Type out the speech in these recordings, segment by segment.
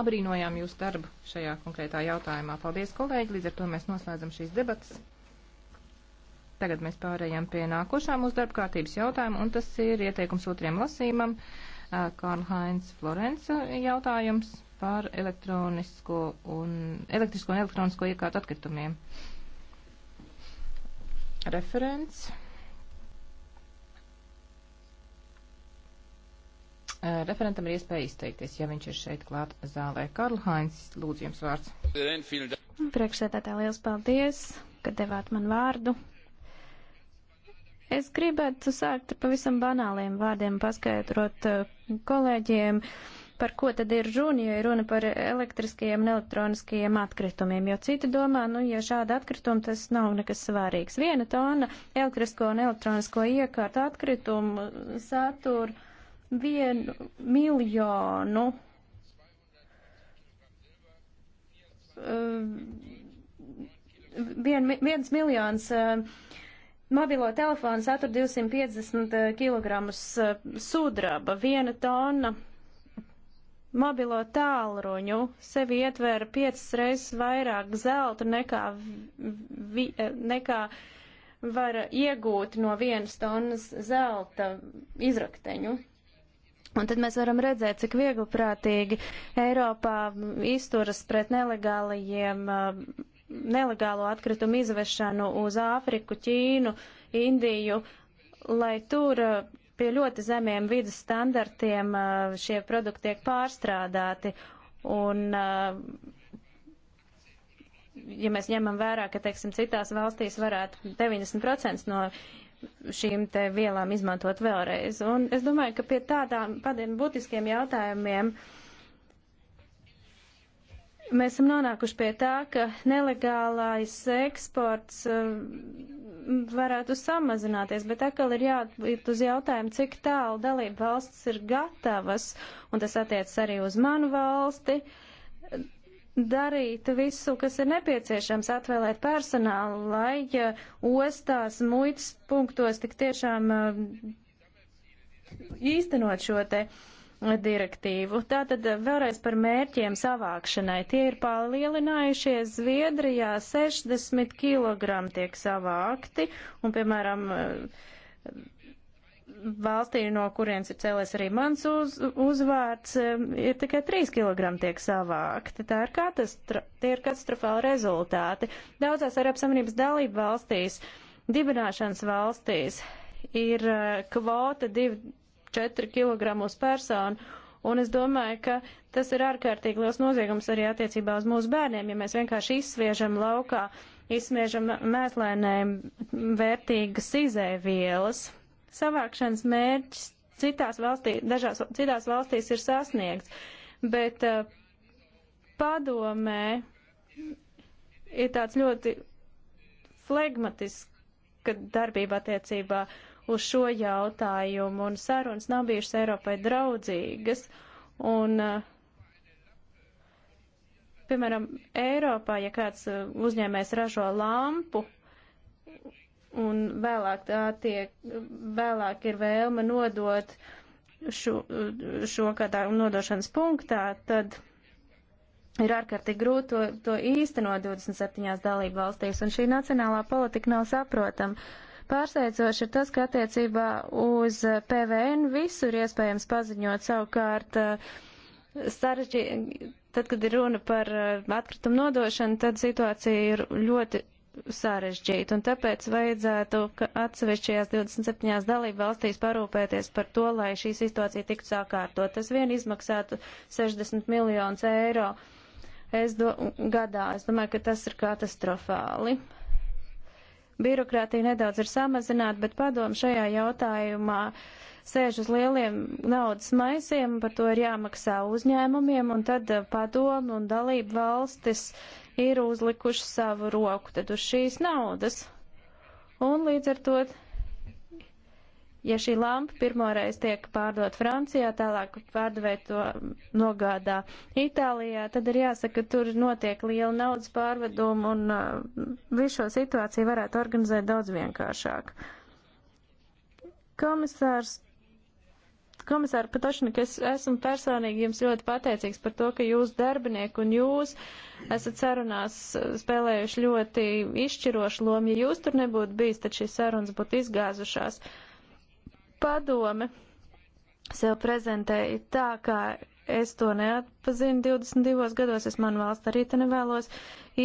abrīnojām jūsu darbu šajā konkrētā jautājumā. Paldies, kolēģi! Līdz ar to mēs noslēdzam šīs debatas. Tagad mēs pārējām pie nākošā mūsu darba kārtības jautājuma, un tas ir ieteikums otriem lasījumam. Karlhains Florence jautājums par elektronisko un, elektrisko un elektronisko iekārtu atkritumiem. Referents. Eh, referentam ir iespēja izteikties, ja viņš ir šeit klāt zālē. Karl Hainz, lūdzu jums vārds. Priekšsēdētā liels paldies, ka devāt man vārdu. Es gribētu sākt ar pavisam banāliem vārdiem, paskaidrot eh, kolēģiem, par ko tad ir runa, jo ir runa par elektriskajiem un elektroniskajiem atkritumiem, jo citi domā, nu, ja šāda atkrituma tas nav nekas svarīgs. Viena tona elektrisko un elektronisko iekārtu atkritumu satura vienu miljonu eh, vien, viens miljons eh, mobilo telefonu satur 250 kg sudraba, viena tona mobilo tālruņu sevi ietver piecas reizes vairāk zelta nekā, vi, eh, nekā var iegūt no vienas tonnas zelta izrakteņu. Un tad mēs varam redzēt, cik viegli prātīgi Eiropā izturas pret nelegālajiem, eh, nelegālo atkritumu izvešanu uz Āfriku, Ķīnu, Indiju, lai tur eh, pie ļoti zemiem vidas standartiem eh, šie produkti tiek pārstrādāti. Un, ja mēs ņemam vērā, ka, teiksim, citās valstīs varētu 90% no šīm te vielām izmantot vēlreiz. Un es domāju, ka pie tādām padiem būtiskiem jautājumiem mēs esam nonākuši pie tā, ka nelegālais eksports mm, varētu samazināties, bet atkal ir jāatbild uz jautājumu, cik tālu dalību valsts ir gatavas, un tas attiecas arī uz manu valsti. Uh, darīt visu, kas ir nepieciešams, atvēlēt personālu, lai ostās, muitas punktos tik tiešām eh, īstenot šo te direktīvu. Tātad eh, vēlreiz par mērķiem savākšanai. Tie ir palielinājušies Zviedrijā 60 kg tiek savākti un, piemēram, eh, valstī, no kurienes ir cēlies arī mans uz, uzvārds, ir tikai 3 kg tiek savākti. Tā ir katastra, tie ir katastrofāli rezultāti. Daudzās Eiropas Savienības dalību valstīs, dibināšanas valstīs, ir eh, kvota 2-4 kg uz personu. Un es domāju, ka tas ir ārkārtīgi liels noziegums arī attiecībā uz mūsu bērniem, ja mēs vienkārši izsviežam laukā, izsviežam mēslēnēm vērtīgas izēvielas savākšanas mērķis citās, valstī, dažās, citās valstīs ir sasniegts, bet uh, padomē ir tāds ļoti flegmatiska darbība attiecībā uz šo jautājumu, un sarunas nav bijušas Eiropai draudzīgas. Un, uh, piemēram, Eiropā, ja kāds eh, uzņēmējs ražo lampu, un vēlāk tā tiek, vēlāk ir vēlme nodot šo, šo kādā nodošanas punktā, tad ir ārkārtīgi grūti to, to īstenot 27 dalību valstīs, un šī nacionālā politika nav saprotama. Pārsteidzoši ir tas, ka attiecībā uz PVN visur iespējams paziņot savukārt eh, sarežģīt. Tad, kad ir runa par eh, atkritumu nodošanu, tad situācija ir ļoti sarežģīti, un tāpēc vajadzētu atsevišķajās 27 dalību valstīs parūpēties par to, lai šī situācija tiktu sākārtot. Tas vien izmaksātu 60 miljonus eiro es do, gadā. Es domāju, ka tas ir katastrofāli. Birokrātija nedaudz ir samazināta, bet padomu šajā jautājumā uh, sēž uz lieliem naudas maisiem, par to ir jāmaksā uzņēmumiem, un tad eh, padomu un dalību valstis ir uzlikuši savu roku tad uz šīs naudas. Un līdz ar to, ja šī lampa pirmoreiz tiek pārdot Francijā, tālāk pārdevēt to nogādā Itālijā, tad ir jāsaka, ka tur notiek liela naudas pārveduma un uh, visu šo situāciju varētu organizēt daudz vienkāršāk. Komisārs Komisāra Patošnik, es esmu personīgi jums ļoti pateicīgs par to, ka jūs darbinieki un jūs esat sarunās spēlējuši ļoti izšķirošu lomu. Ja jūs tur nebūtu bijis, tad šīs sarunas būtu izgāzušās. Padome sev prezentēja tā, kā es to neatpazinu 22 gados, es manu valstu arī te nevēlos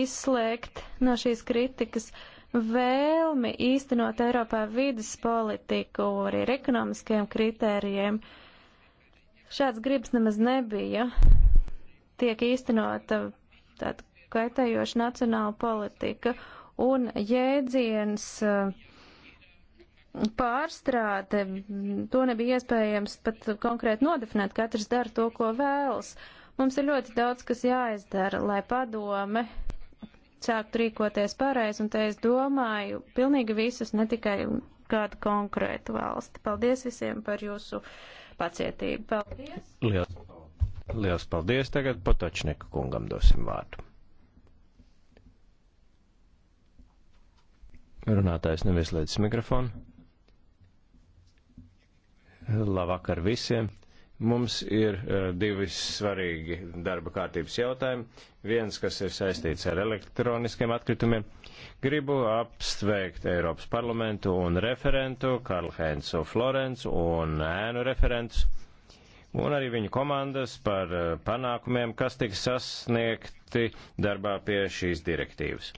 izslēgt no šīs kritikas. Uh, vēlmi īstenot Eiropā vidas politiku arī ar ekonomiskiem kritērijiem. Šāds gribas nemaz nebija. Tiek īstenota tāda kaitējoša nacionāla politika un jēdziens eh, pārstrāde, to nebija iespējams pat konkrēti nodefinēt, katrs dara to, ko vēlas. Mums ir ļoti daudz, kas jāizdara, lai padome sāktu rīkoties pareizi, un te es domāju pilnīgi visus, ne tikai kādu konkrētu valsti. Paldies visiem par jūsu pacietību. Paldies! Liels, liels paldies! Tagad Potočnika kungam dosim vārdu. Runātājs nevis līdz mikrofonu. Labvakar visiem! Mums ir e, divi svarīgi darba kārtības jautājumi. Viens, kas ir saistīts ar elektroniskiem atkritumiem. Gribu apsveikt Eiropas parlamentu un referentu Karlu Heinzu Florencu un ēnu referentus un arī viņu komandas par e, panākumiem, kas tiks sasniegti darbā pie šīs direktīvas.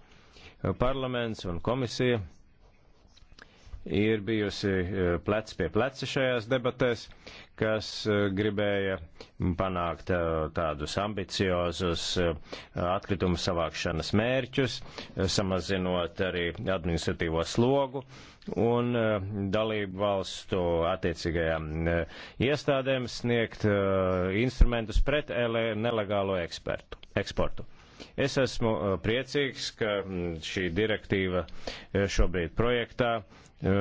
Parlaments un komisija ir bijusi e, plec pie pleca šajās debatēs, kas e, gribēja panākt e, tādus ambiciozus atkritumu savākšanas mērķus, samazinot arī administratīvo slogu un dalību valstu attiecīgajām iestādēm sniegt instrumentus pret nelegālo ekspertu, eksportu. Es esmu priecīgs, ka šī direktīva šobrīd projektā uh, E,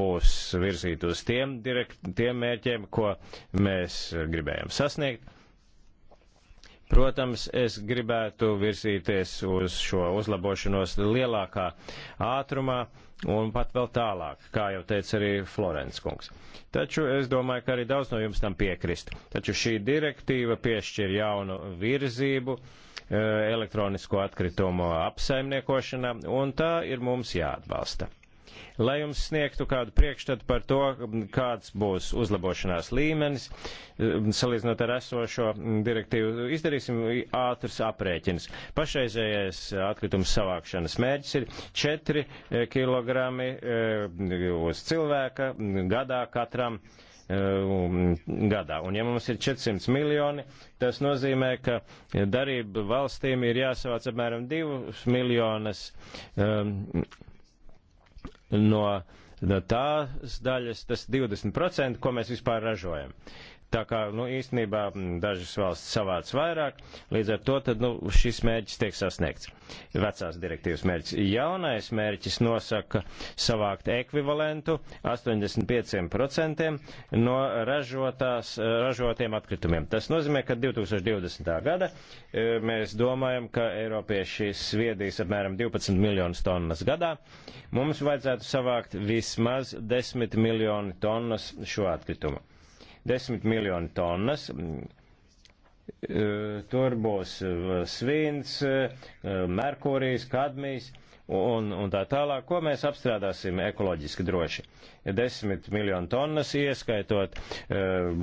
būs virzīt uz tiem, direkt, tiem mērķiem, ko mēs gribējam sasniegt. Protams, es gribētu virzīties uz šo uzlabošanos lielākā ātrumā un pat vēl tālāk, kā jau teica arī Florence kungs. Taču es domāju, ka arī daudz no jums tam piekrist. Taču šī direktīva piešķir jaunu virzību e, elektronisko atkritumu apsaimniekošanā, un tā ir mums jāatbalsta lai jums sniegtu kādu priekšstatu par to, kāds būs uzlabošanās līmenis, salīdzinot ar esošo direktīvu, izdarīsim ātrs aprēķins. Pašreizējais atkritums savākšanas mērķis ir 4 eh, kg eh, uz cilvēka gadā katram eh, gadā. Un ja mums ir 400 miljoni, tas nozīmē, ka darību valstīm ir jāsavāc apmēram 2 miljonas um, no, no tās daļas, tas 20%, ko mēs vispār ražojam. Tā kā, nu, īstenībā mm, dažas valsts savāc vairāk, līdz ar to tad, nu, šis mērķis tiek sasniegts. Vecās direktīvas mērķis. Jaunais mērķis nosaka savākt ekvivalentu 85% no ražotās, eh, ražotiem atkritumiem. Tas nozīmē, ka 2020. gada eh, mēs domājam, ka Eiropieši sviedīs apmēram 12 miljonus tonnas gadā. Mums vajadzētu savākt vismaz 10 miljoni tonnas šo atkritumu 10 miljonu tonnas. Mm, eh, tur būs eh, svins, eh, merkūrijs, kadmijs un, un tā tālāk, ko mēs apstrādāsim ekoloģiski droši. 10 miljonu tonnas, ieskaitot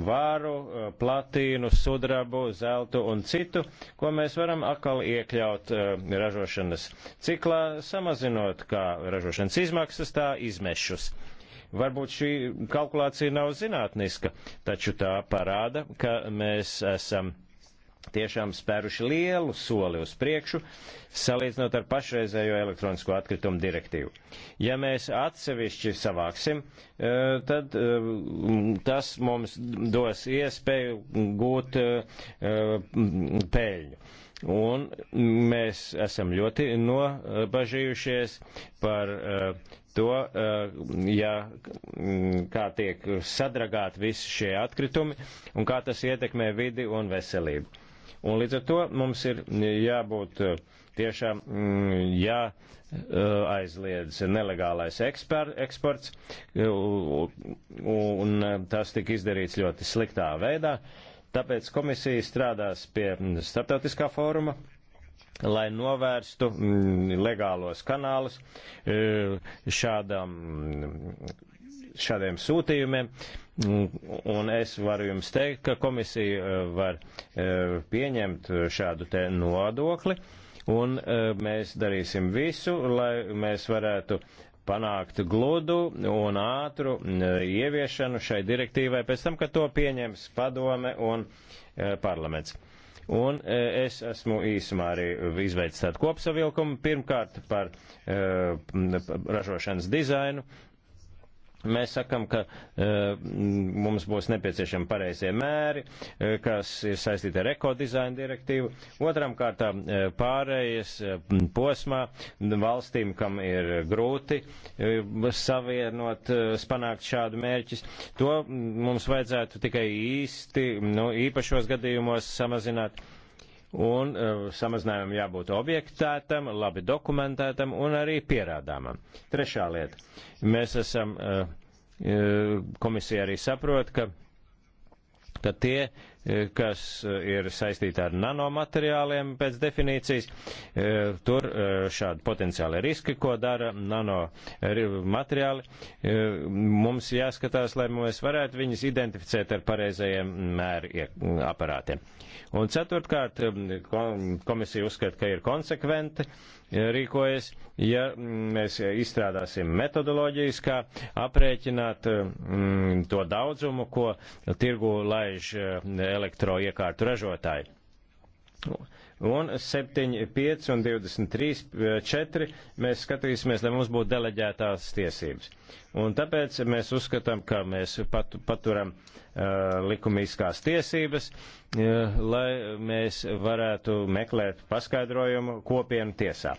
vāru, platīnu, sudrabu, zeltu un citu, ko mēs varam atkal iekļaut ražošanas ciklā, samazinot kā ražošanas izmaksas, tā izmešus. Varbūt šī kalkulācija nav zinātniska, taču tā parāda, ka mēs esam tiešām spēruši lielu soli uz priekšu, salīdzinot ar pašreizējo elektronisko atkritumu direktīvu. Ja mēs atsevišķi savāksim, e, tad e, tas mums dos iespēju gūt e, pēļņu. Un mēs esam ļoti nobažījušies par to, eh, ja mm, kā tiek sadragāti visi šie atkritumi un kā tas ietekmē vidi un veselību. Un līdz ar to mums ir jābūt eh, tiešām mm, jāaizliedz eh, nelegālais ekspert, eksports, un tas tika izdarīts ļoti sliktā veidā. Tāpēc komisija strādās pie mm, starptautiskā fóruma lai novērstu mm, legālos kanālus eh, šādam, šādiem sūtījumiem. Un es varu jums teikt, ka komisija eh, var eh, pieņemt šādu te nodokli, un mēs darīsim visu, lai mēs varētu panākt gludu un ātru ieviešanu šai direktīvai pēc tam, kad to pieņems padome un parlaments. Un e, es esmu īsumā arī izveicis tādu kopsavilkumu. Pirmkārt par uh, ražošanas dizainu, Mēs sakam, ka uh, mums būs nepieciešami pareizie mēri, uh, kas ir saistīti ar ekodizainu direktīvu. Otram kārtām uh, pārējas uh, posmā valstīm, kam ir grūti uh, savienot, uh, panākt šādu mērķis, to mums vajadzētu tikai īsti, nu, īpašos gadījumos samazināt. Uh, Un e, samazinājumam jābūt objektētam, labi dokumentētam un arī pierādāmam. Trešā lieta. Mēs esam, e, e, komisija arī saprot, ka, ka tie kas eh, ir saistīta ar nanomateriāliem pēc definīcijas. Eh, tur eh, šādi potenciāli riski, ko dara nanomateriāli. Mums jāskatās, lai mēs varētu viņus identificēt ar pareizajiem mēri aparātiem. Un ceturtkārt, komisija uzskata, ka ir konsekventi rīkojas, ja mm, mēs izstrādāsim metodoloģijas, kā aprēķināt mm, to daudzumu, ko tirgu laiž elektroiekārtu ražotāji. Un 7, 5 un 23, 4 mēs skatīsimies, lai mums būtu deleģētās tiesības. Un tāpēc mēs uzskatām, ka mēs pat, paturam uh, likumīskās tiesības, uh, lai mēs varētu meklēt paskaidrojumu kopienu tiesā.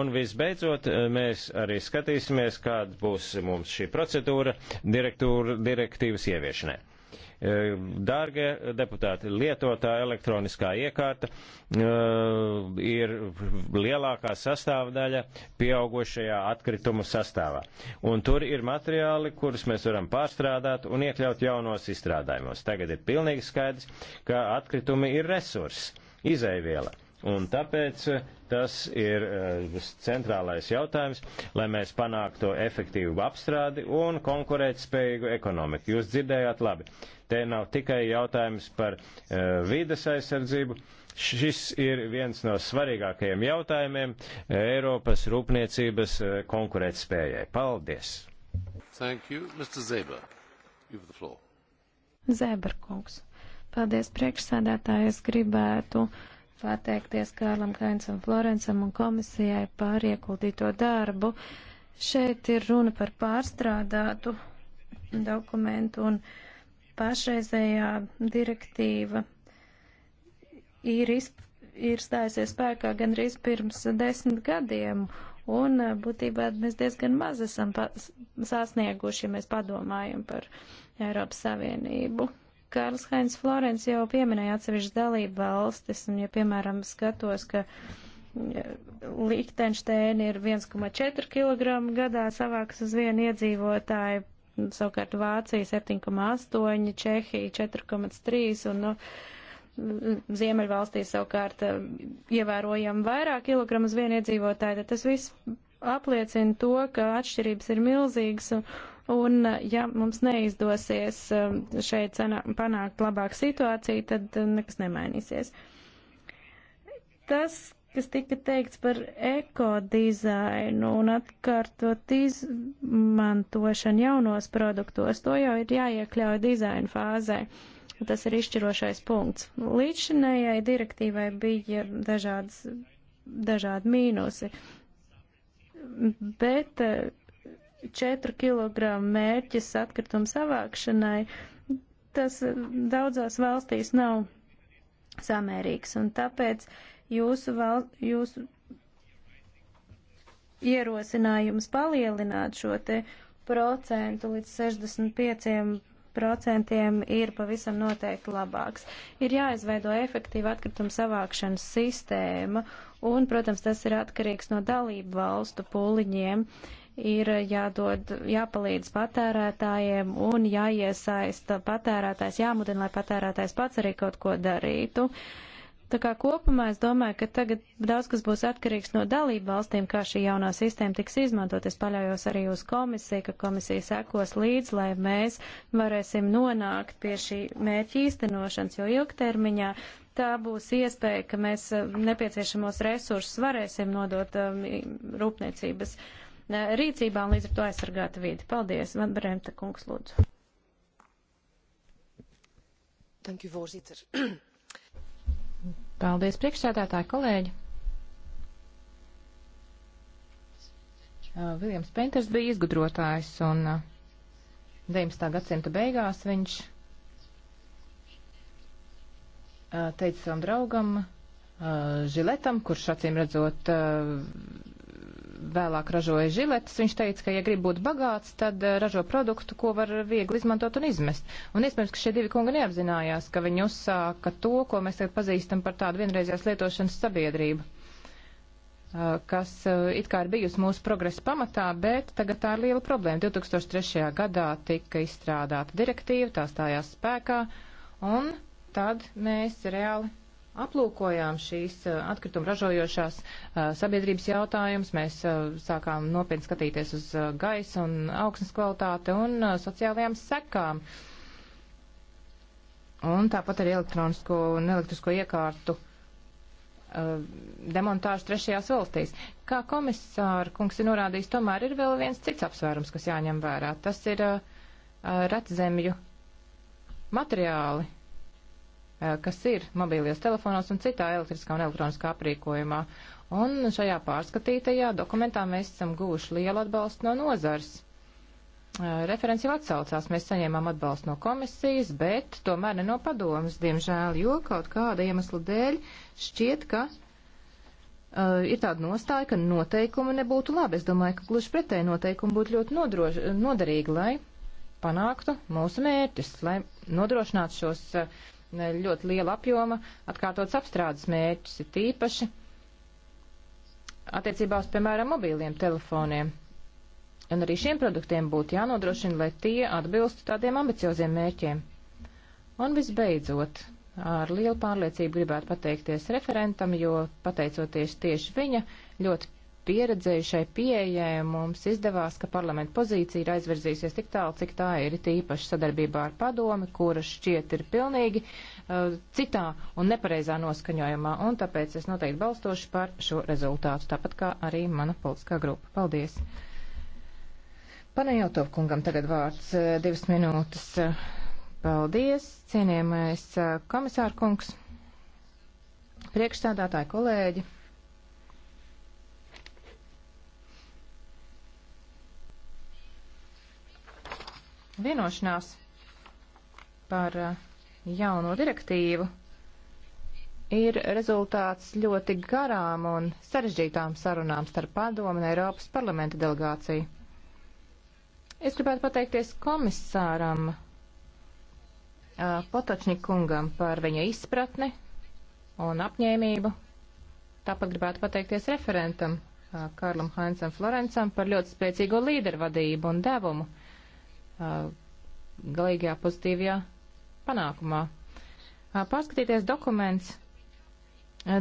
Un visbeidzot, mēs arī skatīsimies, kāda būs mums šī procedūra direktīvas ieviešanai. E, dārgie deputāti, lietotā elektroniskā iekārta e, ir lielākā sastāvdaļa pieaugušajā atkritumu sastāvā. Un tur ir materiāli, kurus mēs varam pārstrādāt un iekļaut jaunos izstrādājumos. Tagad ir pilnīgi skaidrs, ka atkritumi ir resurss, izēviela. Un tāpēc Tas ir eh, centrālais jautājums, lai mēs panāktu efektīvu apstrādi un konkurētspējīgu ekonomiku. Jūs dzirdējāt labi. Te nav tikai jautājums par eh, vides aizsardzību. Šis ir viens no svarīgākajiem jautājumiem Eiropas rūpniecības eh, konkurētspējai. Paldies! Thank you, Mr. Zeber. You have the floor. Zēberkungs. Paldies priekšsēdētāji, es gribētu pateikties Kārlam Kainsam Florencam un komisijai par ieguldīto darbu. Šeit ir runa par pārstrādātu dokumentu un pašreizējā direktīva ir, izp, ir stājusies spēkā gandrīz pirms desmit gadiem. Un eh, būtībā mēs diezgan maz esam sasnieguši, ja mēs padomājam par Eiropas Savienību. Kārls Hainz Florence jau pieminēja atsevišķas dalību valstis, un ja, piemēram, skatos, ka Lichtensteina ir 1,4 kg gadā savāks uz vienu iedzīvotāju, savukārt Vācija 7,8, Čehija 4,3 un nu, Ziemeļvalstīs savukārt ievērojam vairāk kilogramu uz vienu iedzīvotāju, tad tas viss apliecina to, ka atšķirības ir milzīgas. Un, Un, ja mums neizdosies um, šeit panākt labāku situāciju, tad um, nekas nemainīsies. Tas, kas tika teikts par ekodizainu un atkārtot izmantošanu jaunos produktos, to jau ir jāiekļauj dizaina fāzē. Tas ir izšķirošais punkts. Līdzšinējai direktīvai bija dažādas, dažādi mīnusi, bet 4 kg mērķis atkritumu savākšanai, tas daudzās valstīs nav samērīgs, un tāpēc jūsu, val, jūsu ierosinājums palielināt šo te procentu līdz 65 procentiem ir pavisam noteikti labāks. Ir jāizveido efektīva atkrituma savākšanas sistēma, un, protams, tas ir atkarīgs no dalību valstu pūliņiem. Uh, ir jādod, jāpalīdz patērētājiem un jāiesaista patērētājs, jāmudina, lai patērētājs pats arī kaut ko darītu. Tā kā kopumā es domāju, ka tagad daudz kas būs atkarīgs no dalību valstīm, kā šī jaunā sistēma tiks izmantot. Es paļaujos arī uz komisiju, ka komisija sekos līdz, lai mēs varēsim nonākt pie šī mērķa īstenošanas, jo ilgtermiņā tā būs iespēja, ka mēs nepieciešamos resursus varēsim nodot um, rūpniecības uh, rīcībā un līdz ar to aizsargāt vidi. Paldies, Van Bremta kungs, lūdzu. Thank you, voorzitter. Paldies, priekšsēdētāji, kolēģi. Viljams uh, Penters bija izgudrotājs un uh, 19. gadsimta beigās viņš uh, teica savam draugam Žiletam, kurš acīm redzot vēlāk ražoja žiletes, viņš teica, ka, ja grib būt bagāts, tad eh, ražo produktu, ko var viegli izmantot un izmest. Un iespējams, ka šie divi kungi neapzinājās, ka viņi uzsāka to, ko mēs tagad pazīstam par tādu vienreizējās lietošanas sabiedrību eh, kas eh, it kā ir bijusi mūsu progresa pamatā, bet tagad tā ir liela problēma. 2003. gadā tika izstrādāta direktīva, tā stājās spēkā, un tad mēs reāli aplūkojām šīs eh, atkrituma ražojošās eh, sabiedrības jautājumus, mēs eh, sākām nopietni skatīties uz gaisa un augsnes kvalitāti un sociālajām sekām. Un tāpat arī elektronisko un elektrisko iekārtu demontāžu trešajās valstīs. Kā komisāra kungs ir norādījis, tomēr ir vēl viens cits apsvērums, kas jāņem vērā. Tas ir uh, retzemju materiāli, Eh, kas ir mobīlies telefonos un citā elektriskā un elektroniskā aprīkojumā. Un šajā pārskatītajā dokumentā mēs esam guvuši lielu atbalstu no nozars. Eh, referents jau atsaucās, mēs saņēmām atbalstu no komisijas, bet tomēr ne no padomas, diemžēl, jo kaut kāda iemesla dēļ šķiet, ka uh, ir tāda nostāja, ka noteikumi nebūtu labi. Es domāju, ka gluži pretēji noteikumi būtu ļoti nodrož, noderīgi, lai panāktu mūsu mērķus, lai nodrošinātu šos uh, ļoti liela apjoma atkārtots apstrādes mērķus, ir tīpaši attiecībā uz, piemēram, mobīliem telefoniem. Un arī šiem produktiem būtu jānodrošina, lai tie atbilstu tādiem ambicioziem mērķiem. Un visbeidzot, ar lielu pārliecību gribētu pateikties referentam, jo pateicoties tieši viņa ļoti pieredzējušai pieejai mums izdevās, ka parlamenta pozīcija ir aizverzīsies tik tālu, cik tā ir, it īpaši sadarbībā ar padomi, kura šķiet ir pilnīgi uh, citā un nepareizā noskaņojumā, un tāpēc es noteikti balstošu par šo rezultātu, tāpat kā arī mana politiskā grupa. Paldies! Panajotov kungam tagad vārds uh, divas minūtes. Uh, paldies, cienījamais uh, komisāra kungs, priekšstādātāji kolēģi. vienošanās par eh, jauno direktīvu ir rezultāts ļoti garām un sarežģītām sarunām starp padomu un Eiropas parlamenta delegāciju. Es gribētu pateikties komisāram eh, Potočnikungam par viņa izpratni un apņēmību. Tāpat gribētu pateikties referentam eh, Karlam Heinzam Florencam par ļoti spēcīgo līdervadību un devumu galīgajā pozitīvajā panākumā. Pārskatīties dokuments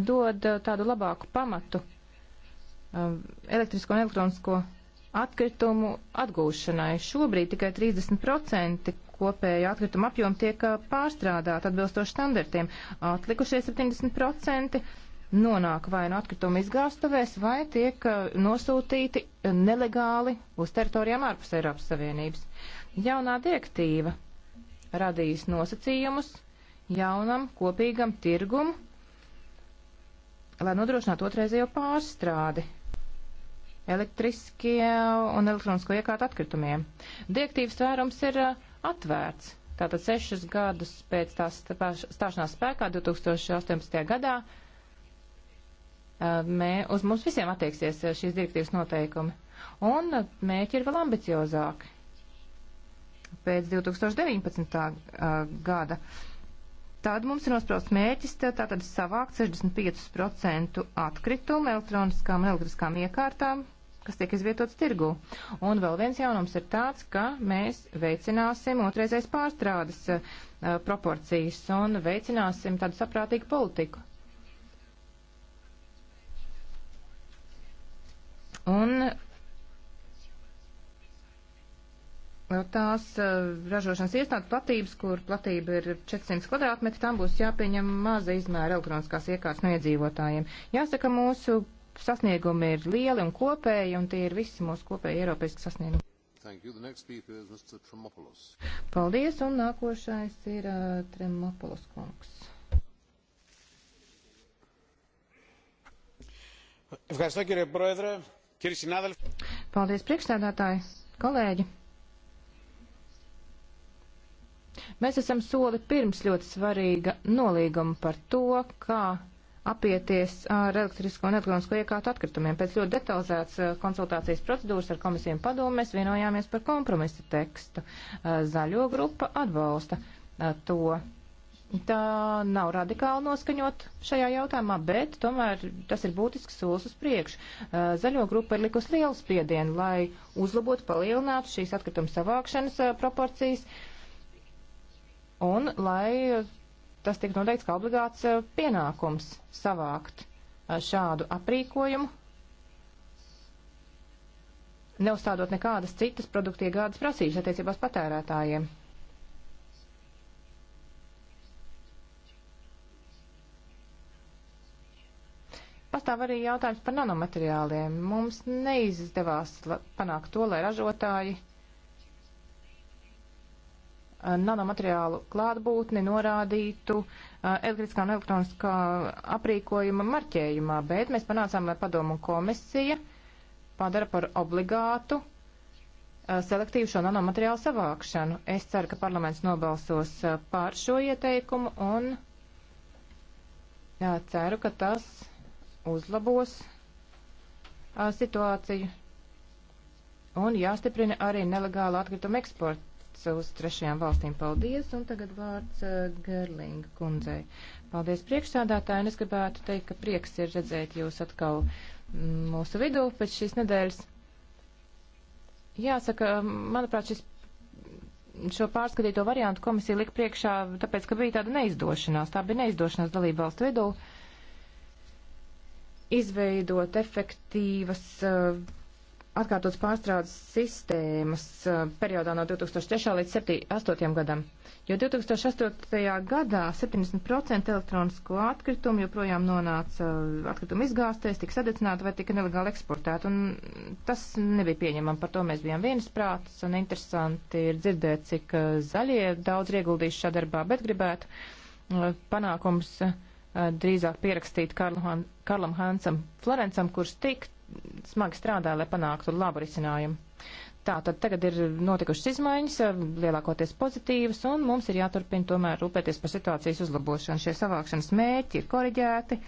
dod tādu labāku pamatu elektrisko un elektronisko atkritumu atgūšanai. Šobrīd tikai 30% kopēja atkrituma apjoma tiek pārstrādāta atbilstoši standartiem. Atlikušie 70% nonāk vai nu no atkrituma izgāstuvēs, vai tiek uh, nosūtīti nelegāli uz teritorijām ārpus Eiropas Savienības. Jaunā direktīva radīs nosacījumus jaunam kopīgam tirgum, lai nodrošinātu otrreizējo pārstrādi elektriskie un elektronisko iekārtu atkritumiem. Direktīvas tvērums ir uh, atvērts. Tātad sešus gadus pēc tās stāšanās spēkā 2018. gadā mē, uz mums visiem attieksies šīs direktīvas noteikumi. Un mērķi ir vēl ambiciozāki. Pēc 2019. gada. Tad mums ir nosprauts mērķis tātad savākt 65% atkritumu elektroniskām un elektriskām iekārtām, kas tiek izvietots tirgu. Un vēl viens jaunums ir tāds, ka mēs veicināsim otrreizais pārstrādes uh, proporcijas un veicināsim tādu saprātīgu politiku. Un tās eh, ražošanas iestādes platības, kur platība ir 400 kvadrātmetri, tam būs jāpieņem maza izmēra elektroniskās iekārtas no iedzīvotājiem. Jāsaka, mūsu sasniegumi ir lieli un kopēji, un tie ir visi mūsu kopēji eiropeiski sasniegumi. Paldies, un nākošais ir uh, eh, Tremopolos kungs. Ευχαριστώ κύριε Πρόεδρε. Paldies, priekšstādātāji, kolēģi! Mēs esam soli pirms ļoti svarīga nolīguma par to, kā apieties ar elektrisko un elektronisko iekārtu atkritumiem. Pēc ļoti detalizētas eh, konsultācijas procedūras ar komisiju padomu mēs vienojāmies par kompromisa tekstu. Eh, zaļo grupa atbalsta eh, to Tā nav radikāli noskaņot šajā jautājumā, bet tomēr tas ir būtisks solis uz priekšu. Uh, zaļo grupa ir likusi lielu spiedienu, lai uzlabotu, palielinātu šīs atkrituma savākšanas uh, proporcijas un lai tas tiek noteikts kā obligāts uh, pienākums savākt šādu aprīkojumu, neuzstādot nekādas citas produktu iegādes prasības attiecībās patērētājiem. pastāv arī jautājums par nanomateriāliem. Mums neizdevās panākt to, lai ražotāji eh, nanomateriālu klātbūtni norādītu eh, elektriskā un elektroniskā aprīkojuma marķējumā, bet mēs panācām, lai padomu komisija padara par obligātu eh, selektīvu šo nanomateriālu savākšanu. Es ceru, ka parlaments nobalsos pār šo ieteikumu un ceru, ka tas uzlabos a, situāciju un jāstiprina arī nelegāla atkrituma eksports uz trešajām valstīm. Paldies, un tagad vārds a, Gerlinga kundzei. Paldies priekšsādātāji, un es gribētu teikt, ka prieks ir redzēt jūs atkal mm, mūsu vidū pēc šīs nedēļas. Jāsaka, manuprāt, šis šo pārskatīto variantu komisija lika priekšā, tāpēc, ka bija tāda neizdošanās, tā bija neizdošanās dalība valstu vidū. Uh, izveidot efektīvas eh, atkārtotas pārstrādes sistēmas eh, periodā no 2003. līdz 2008. gadam. Jo 2008. gadā 70% elektronisko atkritumu joprojām nonāca eh, atkritumu izgāstēs, tika sadedzināta vai tika nelegāli eksportēta. Un tas nebija pieņemami, par to mēs bijām viensprātis. Un interesanti ir dzirdēt, cik zaļie daudz ieguldījuši šā darbā, bet gribētu panākums. Uh, Eh, drīzāk pierakstīt Karlam, Karlam Hansam Florencam, kurš tik smagi strādāja, lai panāktu labu risinājumu. Tā tad tagad ir notikušas izmaiņas, eh, lielākoties pozitīvas, un mums ir jāturpina tomēr rūpēties par situācijas uzlabošanu. Šie savākšanas mērķi ir koriģēti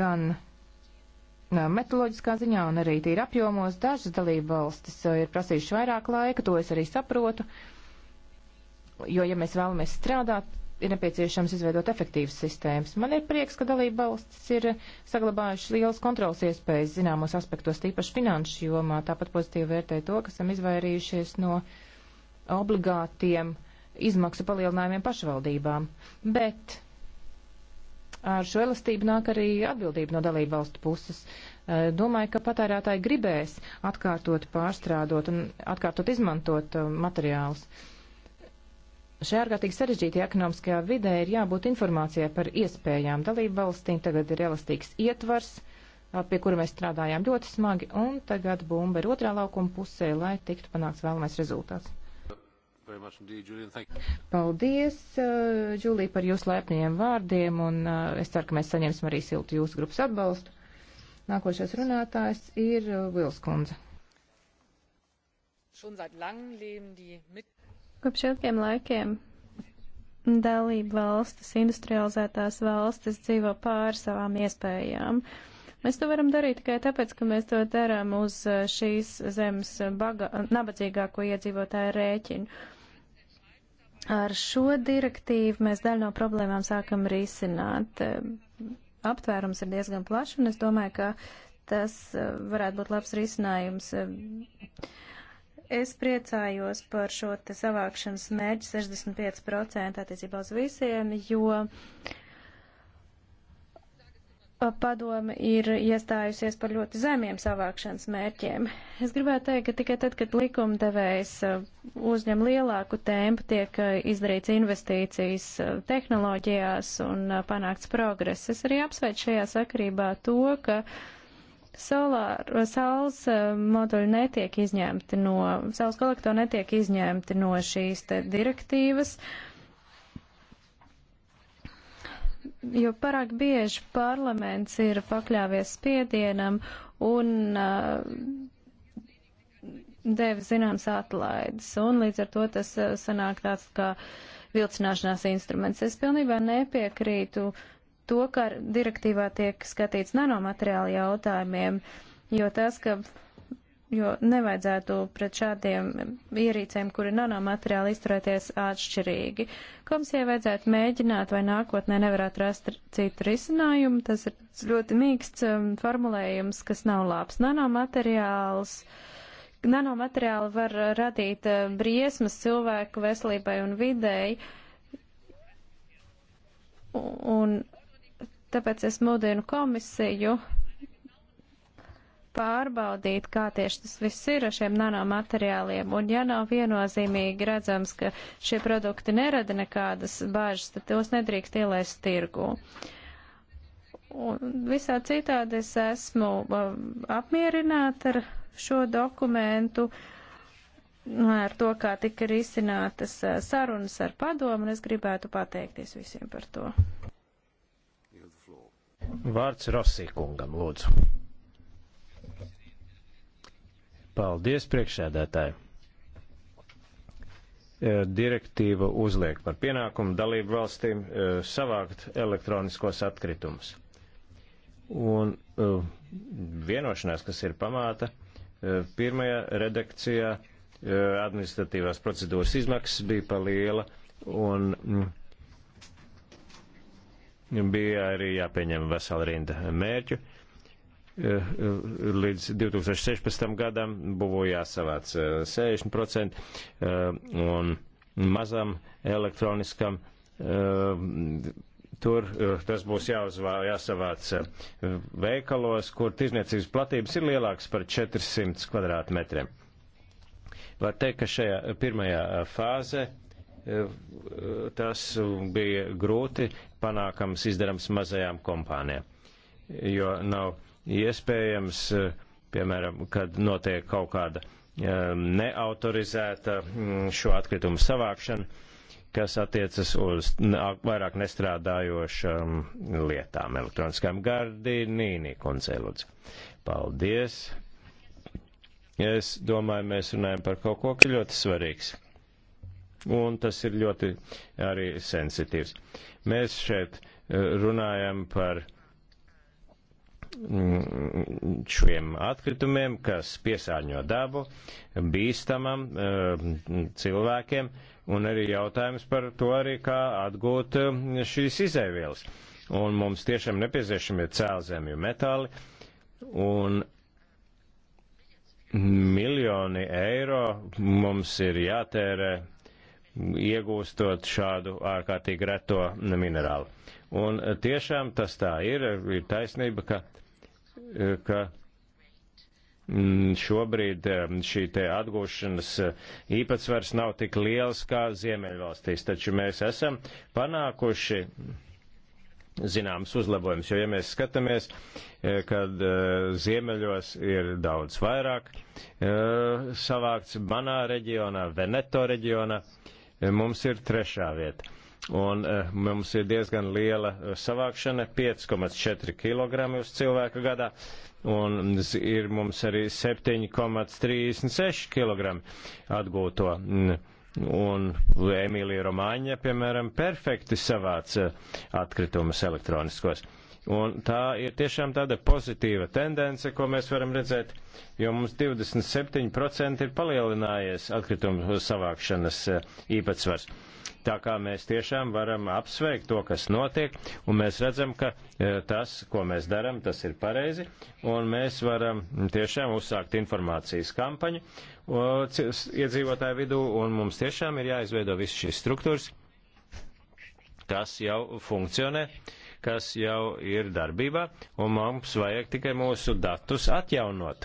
gan eh, metoloģiskā ziņā, un arī tīri apjomos. Dažas dalība valstis ir prasījušas vairāk laika, to es arī saprotu, jo, ja mēs vēlamies strādāt ir nepieciešams izveidot efektīvas sistēmas. Man ir prieks, ka dalība valstis ir saglabājušas lielas kontrolas iespējas zināmos aspektos, tīpaši finanšu jomā. Tāpat pozitīvi vērtē to, ka esam izvairījušies no obligātiem izmaksu palielinājumiem pašvaldībām. Bet ar šo elastību nāk arī atbildība no dalību valstu puses. Eh, domāju, ka patērētāji gribēs atkārtot, pārstrādot un atkārtot izmantot eh, materiālus. Uh, Šajā ārkārtīgi sarežģītajā ekonomiskajā vidē ir jābūt informācijai par iespējām dalību valstīm. Tagad ir elastīgs ietvars, pie kura mēs strādājām ļoti smagi, un tagad bumba ir otrā laukuma pusē, lai tiktu panāks vēlamais rezultāts. Indeed, Julian, Paldies, Džulija, uh, par jūsu laipniem vārdiem, un uh, es ceru, ka mēs saņemsim arī siltu jūsu grupas atbalstu. Nākošais runātājs ir Vils Kundze. Schon seit langem leben die mit Kopš ilgiem laikiem dalība valstis, industrializētās valstis dzīvo pār savām iespējām. Mēs to varam darīt tikai tāpēc, ka mēs to darām uz eh, šīs zemes baga, nabadzīgāko iedzīvotāju rēķinu. Ar šo direktīvu mēs daļu no problēmām sākam risināt. Eh, aptvērums ir diezgan plašs, un es domāju, ka tas eh, varētu būt labs risinājums Es priecājos par šo te savākšanas mērķi 65% attiecībā uz visiem, jo padome ir iestājusies par ļoti zemiem savākšanas mērķiem. Es gribētu teikt, ka tikai tad, kad likumdevējs uzņem lielāku tempu, tiek izdarīts investīcijas tehnoloģijās un panākts progress. Es arī apsveicu šajā sakarībā to, ka uh, Solāra, saules eh, moduļi netiek izņemti no, saules kolektori netiek izņemti no šīs te direktīvas, jo parāk bieži parlaments ir pakļāvies spiedienam un uh, deva zināms atlaides, un līdz ar to tas eh, sanāk tāds kā vilcināšanās instruments. Es pilnībā nepiekrītu uh, to, ka direktīvā tiek skatīts nanomateriāli jautājumiem, jo tas, ka jo nevajadzētu pret šādiem ierīcēm, kuri nanomateriāli izturēties atšķirīgi. Komisijai vajadzētu mēģināt, vai nākotnē nevar atrast citu risinājumu. Tas ir ļoti mīksts um, formulējums, kas nav labs. Nanomateriāls. Nanomateriāli var radīt uh, briesmas cilvēku veselībai un videi. Un, Tāpēc es mudinu komisiju pārbaudīt, kā tieši tas viss ir ar šiem nanomateriāliem, un ja nav viennozīmīgi redzams, ka šie produkti nerada nekādas bažas, tad tos nedrīkst ielaist tirgū. Un visā citādi es esmu apmierināta ar šo dokumentu, ar to, kā tika risinātas sarunas ar padomu, un es gribētu pateikties visiem par to. Vārds Rosī kungam, lūdzu. Paldies, priekšsēdētāji. E, direktīva uzliek par pienākumu dalību valstīm e, savākt elektroniskos atkritumus. Un e, vienošanās, kas ir pamāta, pirmajā redakcijā administratīvās procedūras izmaksas bija pa liela un bija arī jāpieņem vesela rinda mērķu. Eh, eh, līdz 2016. gadam buvo jāsavāc 60% eh, un mazam elektroniskam Tur tas būs jāuzvā, jāsavāc veikalos, kur tirzniecības platības ir lielākas par 400 kvadrātmetriem. Var teikt, ka šajā pirmajā fāzē Eh, tas bija grūti panākams izdarams mazajām kompānijām, jo nav iespējams, eh, piemēram, kad notiek kaut kāda eh, neautorizēta mm, šo atkritumu savākšana, kas attiecas uz vairāk nestrādājošām lietām, elektroniskām gardīnīnī koncelūdzu. Paldies! Es domāju, mēs runājam par kaut ko, ka ļoti svarīgs un tas ir ļoti arī sensitīvs. Mēs šeit eh, runājam par mm, šiem atkritumiem, kas piesārņo dabu, bīstamam eh, cilvēkiem, un arī jautājums par to arī, kā atgūt eh, šīs izēvielas. Un mums tiešām nepieciešami ir cēlzemju metāli, un miljoni eiro mums ir jātērē iegūstot šādu ārkārtīgi reto minerālu. Un tiešām tas tā ir, ir taisnība, ka, ka mm, šobrīd mm, šī te atgūšanas īpatsvars nav tik liels kā Ziemeļvalstīs, taču mēs esam panākuši zināms uzlabojums, jo ja mēs skatāmies, e, kad e, ziemeļos ir daudz vairāk e, savākts manā reģionā, Veneto reģionā, Mums ir trešā vieta. Un e, mums ir diezgan liela e, savākšana - 5,4 kg uz cilvēku gadā un ir mums arī 7,36 kg atgūto. Un Emīlija Romāņa, piemēram, perfekti savāca atkritumus elektroniskos. Un tā ir tiešām tāda pozitīva tendence, ko mēs varam redzēt, jo mums 27% ir palielinājies atkritumu savākšanas eh, īpatsvars. Tā kā mēs tiešām varam apsveikt to, kas notiek, un mēs redzam, ka eh, tas, ko mēs darām, tas ir pareizi, un mēs varam tiešām uzsākt informācijas kampaņu iedzīvotāju vidū, un mums tiešām ir jāizveido visas šīs struktūras, kas jau funkcionē kas jau ir darbībā, un mums vajag tikai mūsu datus atjaunot,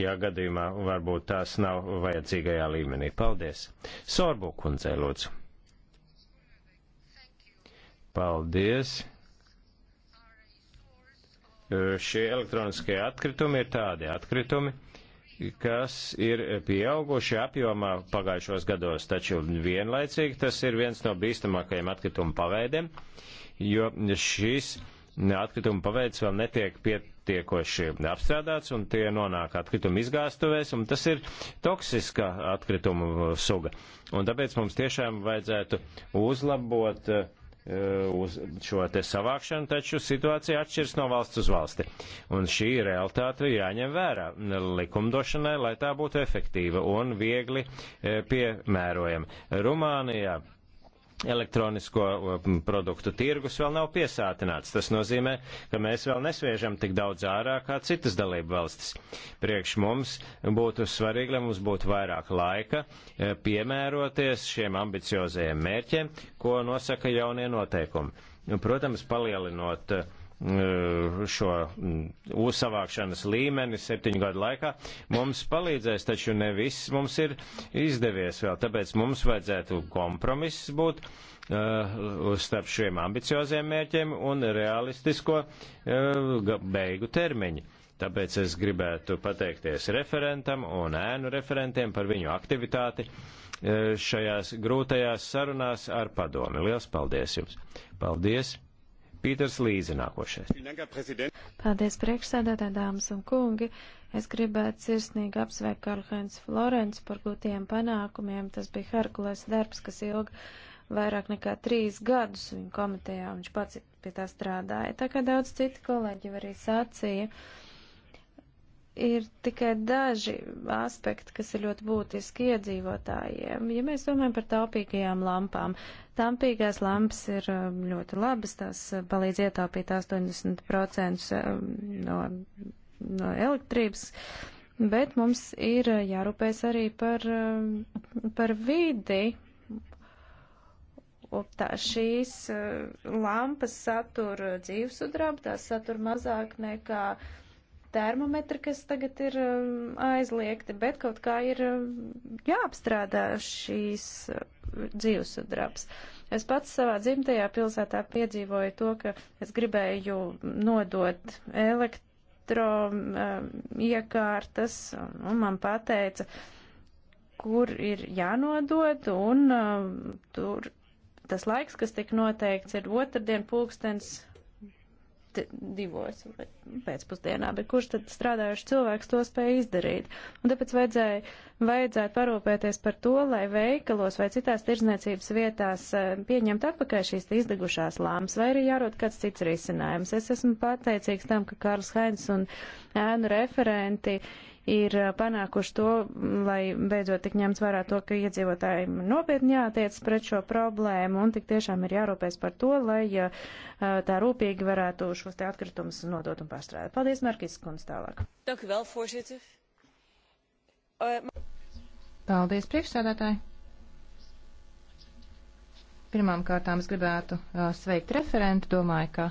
ja gadījumā varbūt tās nav vajadzīgajā līmenī. Paldies! Sorbu kundzei lūdzu. Paldies! Šie elektroniskie atkritumi ir tādi atkritumi, kas ir pieauguši apjomā pagājušos gados, taču vienlaicīgi tas ir viens no bīstamākajiem atkritumu paveidiem. Uh, jo šīs atkrituma paveids vēl netiek pietiekoši apstrādāts, un tie nonāk atkrituma izgāstuvēs, un tas ir toksiska atkrituma suga. Un tāpēc mums tiešām vajadzētu uzlabot eh, uz šo te savākšanu, taču situācija atšķirs no valsts uz valsti. Un šī realitāte jāņem vērā likumdošanai, lai tā būtu efektīva un viegli eh, piemērojama. Rumānijā elektronisko um, produktu tirgus vēl nav piesātināts. Tas nozīmē, ka mēs vēl nesviežam tik daudz ārā kā citas dalību valstis. Priekš mums būtu svarīgi, lai mums būtu vairāk laika eh, piemēroties šiem ambiciozajiem mērķiem, ko nosaka jaunie noteikumi. Protams, palielinot uh, Eh, šo mm, uzsavākšanas līmeni septiņu gadu laikā, mums palīdzēs, taču ne viss mums ir izdevies vēl, tāpēc mums vajadzētu kompromiss būt eh, starp šiem ambicioziem mērķiem un realistisko eh, beigu termiņu. Tāpēc es gribētu pateikties referentam un ēnu referentiem par viņu aktivitāti šajās grūtajās sarunās ar padomi. Lielas paldies jums! Paldies! Pīters Līze nākošais. Paldies priekšsēdētāji, dāmas un kungi. Es gribētu sirsnīgi apsveikt Karlheinz Florence par gūtiem panākumiem. Tas bija Herkules darbs, kas ilga vairāk nekā trīs gadus viņa komitejā, un viņš pats pie tā strādāja. Tā kā daudz citi kolēģi arī sacīja. Uh, ir tikai daži aspekti, kas ir ļoti būtiski iedzīvotājiem. Ja mēs domājam par taupīgajām lampām, tampīgās lampas ir um, ļoti labas, tās uh, palīdz ietaupīt 80% um, no, no elektrības, bet mums ir uh, jārūpēs arī par, um, par vidi. Tā, šīs uh, lampas satura dzīvesudrabu, tās satura mazāk nekā uh, termometri, kas tagad ir um, aizliegti, bet kaut kā ir um, jāapstrādā šīs uh, dzīvesudrabs. Es pats savā dzimtajā pilsētā piedzīvoju to, ka es gribēju nodot elektro um, iekārtas, un man pateica, kur ir jānodod, un tur tas laiks, kas tika noteikts, ir otrdien pulkstens divos pēcpusdienā, bet kurš tad strādājuši cilvēks to spēja izdarīt. Un tāpēc vajadzēja, vajadzētu parūpēties par to, lai veikalos vai citās tirzniecības vietās eh, pieņemt atpakaļ šīs izdegušās lāmas, vai arī jārod kāds cits risinājums. Es esmu pateicīgs tam, ka Karls Heinz un ēnu referenti ir eh, panākuši to, lai beidzot tik ņemts vērā to, ka iedzīvotāji nopietni jātiec pret šo problēmu un tik tiešām ir jārūpēs par to, lai eh, tā rūpīgi varētu šos te atkritumus nodot un pārstrādāt. Paldies, Markis Kunds, tālāk. Eh, Paldies, priekšsēdētāji. Pirmām kārtām es gribētu uh, sveikt referentu. Domāju, ka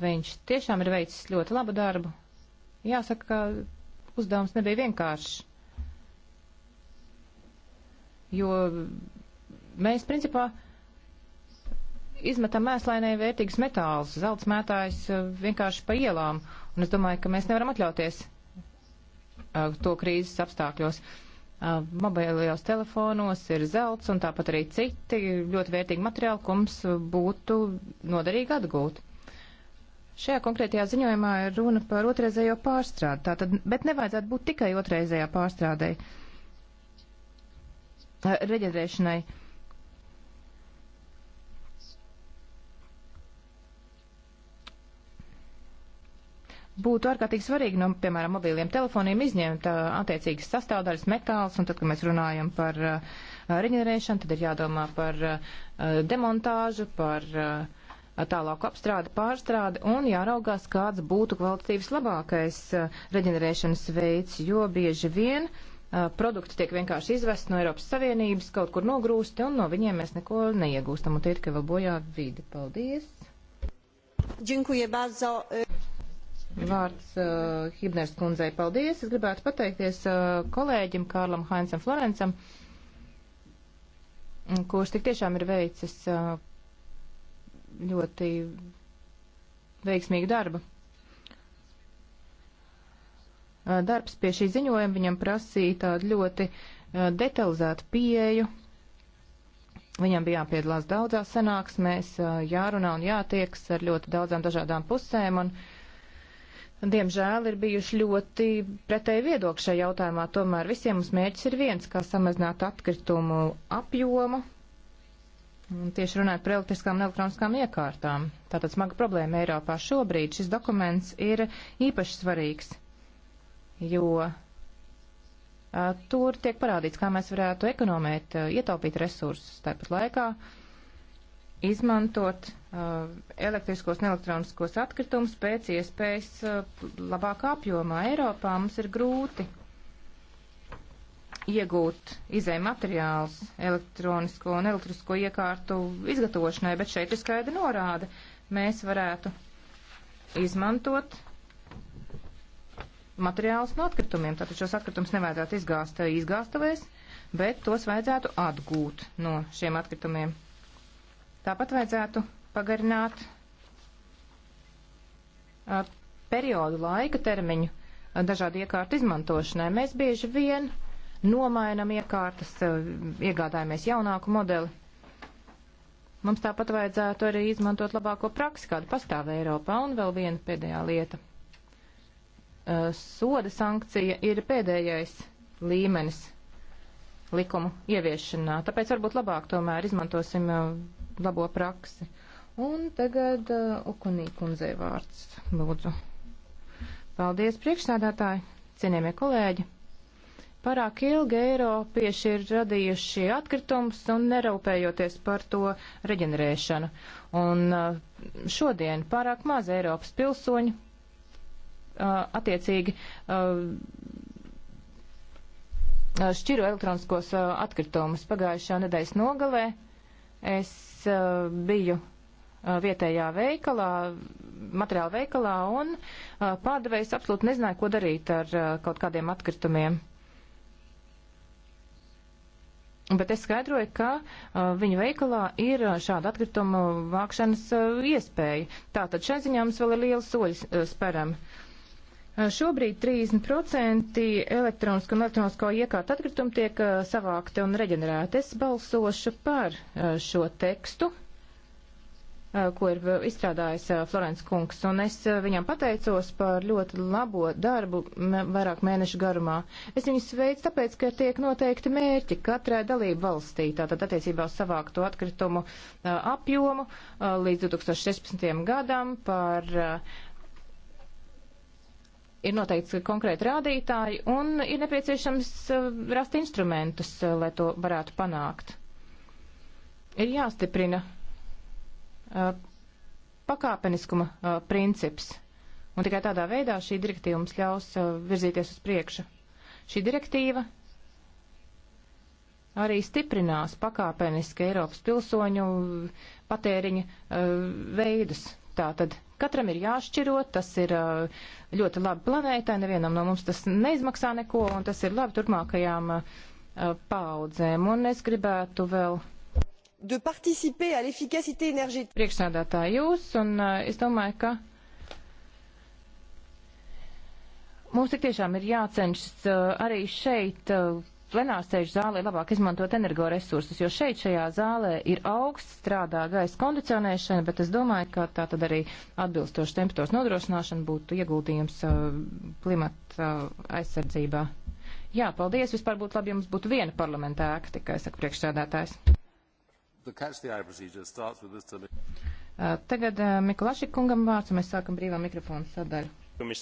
viņš tiešām ir veicis ļoti labu darbu. Jāsaka, ka uzdevums nebija vienkāršs. Jo mēs, principā, izmetam mēslainē vērtīgus metālus, zelta mētājus eh, vienkārši pa ielām, un es domāju, ka mēs nevaram atļauties eh, to krīzes apstākļos. Eh, mobilajos telefonos ir zelts un tāpat arī citi ļoti vērtīgi materiāli, ko mums būtu noderīgi atgūt. Šajā konkrētajā ziņojumā ir runa par otrreizējo pārstrādi, tātad, bet nevajadzētu būt tikai otrreizējā pārstrādei, eh, reģistrēšanai. būtu ārkārtīgi svarīgi, nu, piemēram, mobīliem telefoniem izņemt eh, attiecīgas sastāvdaļas, metāls, un tad, kad mēs runājam par uh, reģenerēšanu, tad ir jādomā par uh, demontāžu, par uh, tālāku apstrādi, pārstrādi un jāraugās, kāds būtu kvalitatīvs labākais eh, reģenerēšanas veids, jo bieži vien eh, produkti tiek vienkārši izvest no Eiropas Savienības, kaut kur nogrūsti un no viņiem mēs neko neiegūstam un tie tikai vēl bojā vidi. Paldies! Dziękuję bardzo. Vārds uh, Hibners kundzei paldies. Es gribētu pateikties uh, kolēģim Kārlam Hainsam Florencam, kurš tik tiešām ir veicis uh, ļoti veiksmīga darba. Darbs pie šī ziņojuma viņam prasīja tādu ļoti detalizētu pieeju. Viņam bija jāpiedalās daudzās sanāksmēs, jārunā un jātieks ar ļoti daudzām dažādām pusēm. Un, Diemžēl ir bijuši ļoti pretēji viedokļi šajā jautājumā. Tomēr visiem mums mērķis ir viens, kā samazināt atkritumu apjomu Tieši runājot par elektriskām un elektroniskām iekārtām. Tātad smaga problēma Eiropā šobrīd. Šis dokuments ir īpaši svarīgs, jo tur tiek parādīts, kā mēs varētu ekonomēt, ietaupīt resursus tāpat laikā, izmantot elektriskos un elektroniskos atkritumus pēc iespējas labākā apjomā. Eiropā mums ir grūti iegūt izēju materiālus elektronisko un elektrisko iekārtu izgatavošanai, bet šeit ir skaidra norāde. Mēs varētu izmantot materiālus no atkritumiem. Tātad šos atkritumus nevajadzētu izgāzt eh, izgāstavēs, bet tos vajadzētu atgūt no šiem atkritumiem. Tāpat vajadzētu pagarināt a, eh, periodu laika termiņu a, eh, dažādu iekārtu izmantošanai. Mēs bieži vien nomainam iekārtas, eh, iegādājamies jaunāku modeli. Mums tāpat vajadzētu arī izmantot labāko praksi, kāda pastāv Eiropā. Un vēl viena pēdējā lieta. Eh, soda sankcija ir pēdējais līmenis likumu ieviešanā, tāpēc varbūt labāk tomēr izmantosim eh, labo praksi. Un tagad Ukunī kundzei vārds, lūdzu. Paldies, priekšsādātāji, cienījamie kolēģi! Parāk ilgi Eiropieši ir radījuši atkritumus un nerūpējoties par to reģenerēšanu. Un uh, šodien pārāk maz Eiropas pilsoņu uh, attiecīgi uh, šķiro elektroniskos atkritumus. Pagājušā nedēļas nogalē es biju vietējā veikalā, materiāla veikalā, un pārdevējs absolūti nezināja, ko darīt ar kaut kādiem atkritumiem. Bet es skaidroju, ka uh, viņa veikalā ir uh, šāda atkrituma vākšanas uh, iespēja. Tātad šai ziņā mums vēl ir liels soļus uh, speram. Uh, šobrīd 30% elektronisko un elektronisko iekārtu atkritumu tiek uh, savākti un reģenerēti. Es balsošu par uh, šo tekstu Eh, ko ir eh, izstrādājis eh, Florence kungs, un es viņam pateicos par ļoti labo darbu vairāk mēnešu garumā. Es viņus sveicu tāpēc, ka tiek noteikti mērķi katrai dalību valstī, tātad attiecībā uz savākto atkritumu apjomu līdz 2016. gadam par ir noteikts konkrēti rādītāji un ir nepieciešams rast instrumentus, lai to varētu panākt. Ir jāstiprina Uh, pakāpeniskuma uh, princips. Un tikai tādā veidā šī direktīva mums ļaus uh, virzīties uz priekšu. Šī direktīva arī stiprinās pakāpeniski Eiropas pilsoņu patēriņa veidus. Tātad katram ir jāšķiro, tas ir ļoti labi planētai, nevienam no mums tas neizmaksā neko, un tas ir labi turpmākajām paudzēm. Un es gribētu vēl de participer à l'efficacité énergétique. Priekšsēdētāji jūs, un uh, es domāju, ka mums tik tiešām ir jācenšas uh, arī šeit uh, plenārsēžu zālē labāk izmantot energoresursus, jo šeit šajā zālē ir augsts, strādā gaisa kondicionēšana, bet es domāju, ka tā tad arī atbilstoši temperatūras nodrošināšana būtu ieguldījums uh, klimata uh, aizsardzībā. Jā, paldies. Vispār būtu labi, ja mums būtu viena parlamentā ēka, tikai saka priekšsēdētājs. Uh, tagad uh, Mikulašik kungam vārds, un mēs sākam brīvā mikrofonu sadaļu. Uh,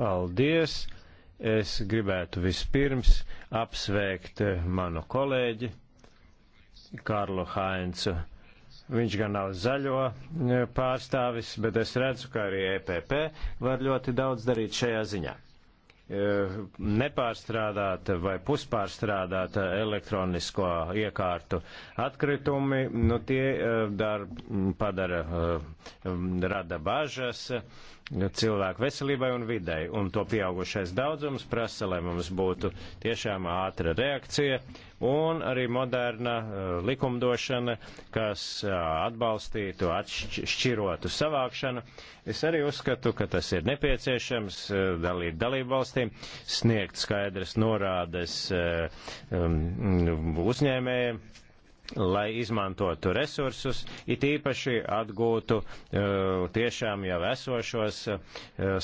Paldies! Es gribētu vispirms apsveikt manu kolēģi Karlu Haincu. Viņš gan nav zaļo pārstāvis, bet es redzu, ka arī EPP var ļoti daudz darīt šajā ziņā. E, nepārstrādāt vai puspārstrādāt elektronisko iekārtu atkritumi, nu tie e, dar, padara, e, rada bažas, cilvēku veselībai un videi, un to pieaugušais daudzums prasa, lai mums būtu tiešām ātra reakcija un arī moderna uh, likumdošana, kas uh, atbalstītu atšķirotu savākšanu. Es arī uzskatu, ka tas ir nepieciešams uh, dalīt dalību valstīm, sniegt skaidras norādes um, uzņēmējiem lai izmantotu resursus, it īpaši atgūtu eh, tiešām jau esošos eh,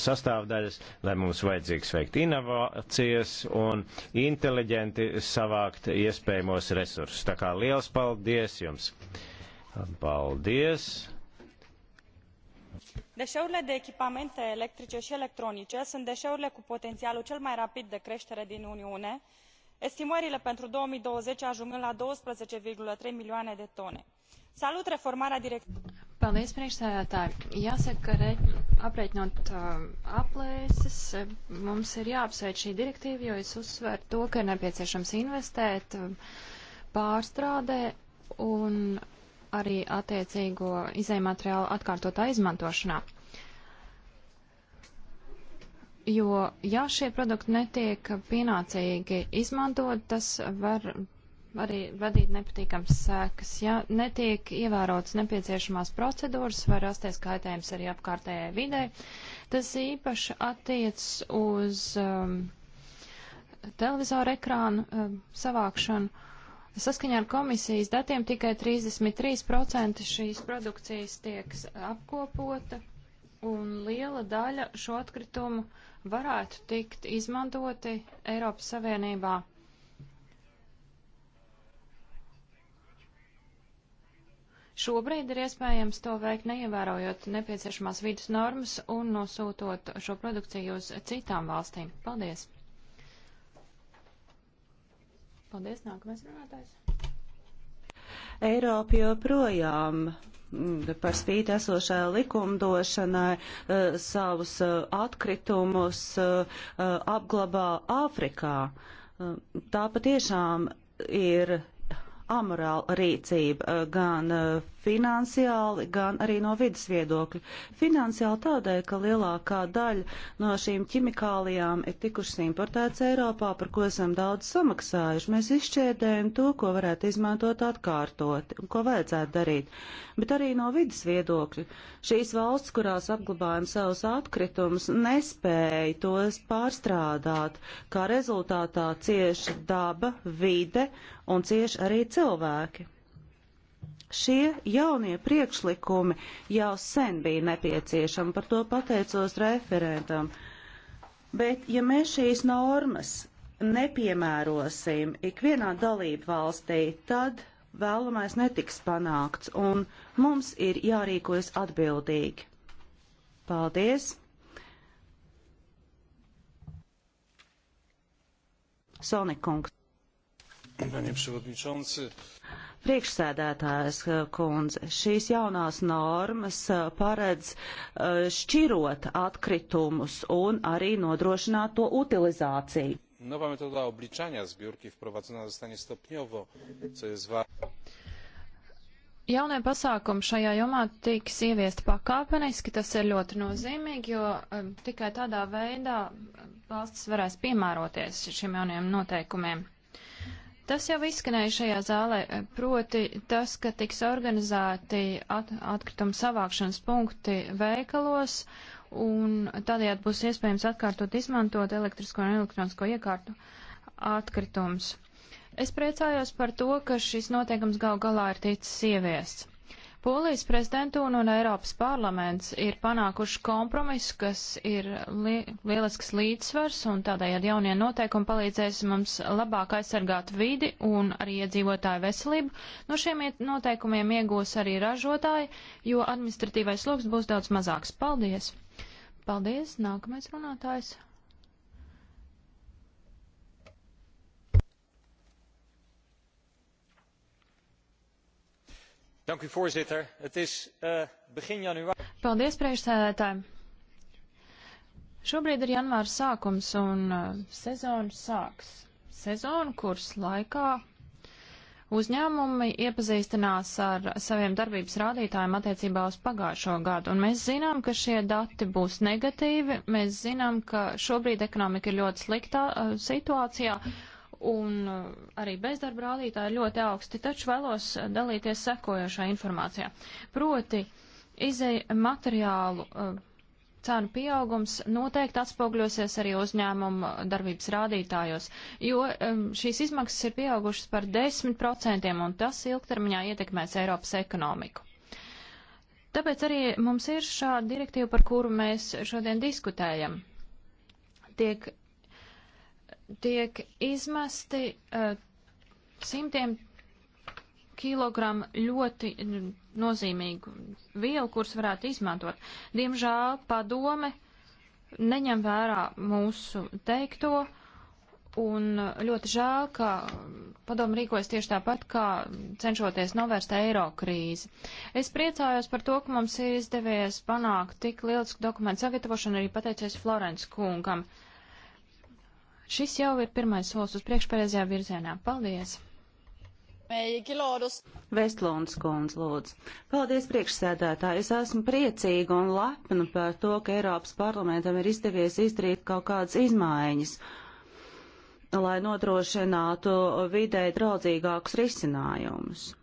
sastāvdaļas, lai mums vajadzīgs veikt inovācijas un inteliģenti savākt iespējamos resursus. Tā kā liels paldies jums! Paldies! deeurile de echipamente electrice i electronice sunt deeurile cu potenialul cel mai rapid de cretere din uniune i estimările pentru două mii douăzeci ajungând la doisprezece trei milioane de tone. salut reformarea directivei. Paldies, priekšsēdētāji. Jāsaka, ka re, aprēķinot uh, aplēses, mums ir jāapsveic šī direktīva, jo es uzsveru to, ka ir nepieciešams investēt um, pārstrādē un arī attiecīgo izējumateriālu atkārtotā izmantošanā. Jo, ja šie produkti netiek pienācīgi izmantot, tas var arī radīt nepatīkams sēkas. Ja netiek ievērotas nepieciešamās procedūras, var rasties kaitējums arī apkārtējai vidē. Tas īpaši attiec uz um, televizoru ekrānu um, savākšanu. Saskaņā ar komisijas datiem tikai 33% šīs produkcijas tiek apkopota, un liela daļa šo atkritumu uh, varētu tikt izmantoti Eiropas Savienībā. Šobrīd ir iespējams to veikt neievērojot nepieciešamās vidas normas un nosūtot šo produkciju uz citām valstīm. Paldies! Paldies, nākamais runātājs! Eiropa joprojām Mm, par spīti esošajā likumdošanai eh, savus eh, atkritumus eh, apglabā Āfrikā. Tā patiešām ir amorāla rīcība eh, gan eh, finansiāli, gan arī no vidas viedokļa. Finansiāli tādēļ, ka lielākā daļa no šīm ķimikālijām ir tikušas importētas Eiropā, par ko esam daudz samaksājuši. Mēs izšķērdējam to, ko varētu izmantot atkārtot un ko vajadzētu darīt. Bet arī no vidas viedokļa šīs valsts, kurās apglabājam savus atkritumus, nespēja tos pārstrādāt, kā rezultātā cieši daba, vide un cieši arī cilvēki cilvēki. Šie jaunie priekšlikumi jau sen bija nepieciešami, par to pateicos referentam. Bet, ja mēs šīs normas nepiemērosim ikvienā dalību valstī, tad vēlamais netiks panākts, un mums ir jārīkojas atbildīgi. Paldies! Sonikungs. Priekšsēdētājs eh, kundze, šīs jaunās normas eh, paredz eh, šķirot atkritumus un arī nodrošināt to utilizāciju. Nowa metoda obliczania zbiórki wprowadzona zostanie stopniowo, co jest ważne. Jaunie pasākumi šajā jomā tiks ieviest pakāpeniski, tas ir ļoti nozīmīgi, jo um, tikai tādā veidā valstis varēs piemēroties šiem jauniem noteikumiem. Tas jau izskanēja šajā zālē, proti tas, ka tiks organizēti at atkrituma savākšanas punkti veikalos, un tādējādi būs iespējams atkārtot izmantot elektrisko un elektronisko iekārtu atkritumus. Es priecājos par to, ka šis noteikums gal galā ir ticis ieviests. Polijas prezidentūra un Eiropas parlaments ir panākuši kompromisu, kas ir li lielisks līdzsvars un tādējādi jaunie noteikumi palīdzēs mums labāk aizsargāt vidi un arī iedzīvotāju veselību. No šiem noteikumiem iegūs arī ražotāji, jo administratīvais sloks būs daudz mazāks. Paldies! Paldies! Nākamais runātājs! voorzitter het is eh, begin januari. Paldies, priekšsēdētāji. Šobrīd ir janvāra sākums un eh, sezona sāks. Sezona, kuras laikā uzņēmumi iepazīstinās ar saviem darbības rādītājiem attiecībā uz pagājušo gadu. Un mēs zinām, ka šie dati būs negatīvi. Mēs zinām, ka šobrīd ekonomika ir ļoti sliktā eh, situācijā. Mm un eh, arī bezdarba rādītāji ir ļoti augsti, taču vēlos eh, dalīties sekojošā informācijā. Proti, izēja materiālu eh, cenu pieaugums noteikti atspogļosies arī uzņēmumu darbības rādītājos, jo šīs izmaksas ir pieaugušas par 10% un tas ilgtermiņā ietekmēs Eiropas ekonomiku. Tāpēc arī mums ir šāda direktīva, par kuru mēs šodien diskutējam. Tiek tiek izmesti uh, simtiem kilogramu ļoti nozīmīgu vielu, kuras varētu izmantot. Diemžēl padome neņem vērā mūsu teikto, un ļoti žēl, ka padome rīkojas tieši tāpat, kā cenšoties novērst eiro krīzi. Es priecājos par to, ka mums ir izdevies panākt tik liels dokumentu sagatavošanu, arī pateicies Florence kungam. Uh, Šis jau ir pirmais solis uz priekšpareizajā virzienā. Paldies! Vestlunds kundz, lūdzu. Paldies priekšsēdētāji. Es esmu priecīga un lepna par to, ka Eiropas parlamentam ir izdevies izdarīt kaut kādas izmaiņas, lai nodrošinātu vidē draudzīgākus risinājumus.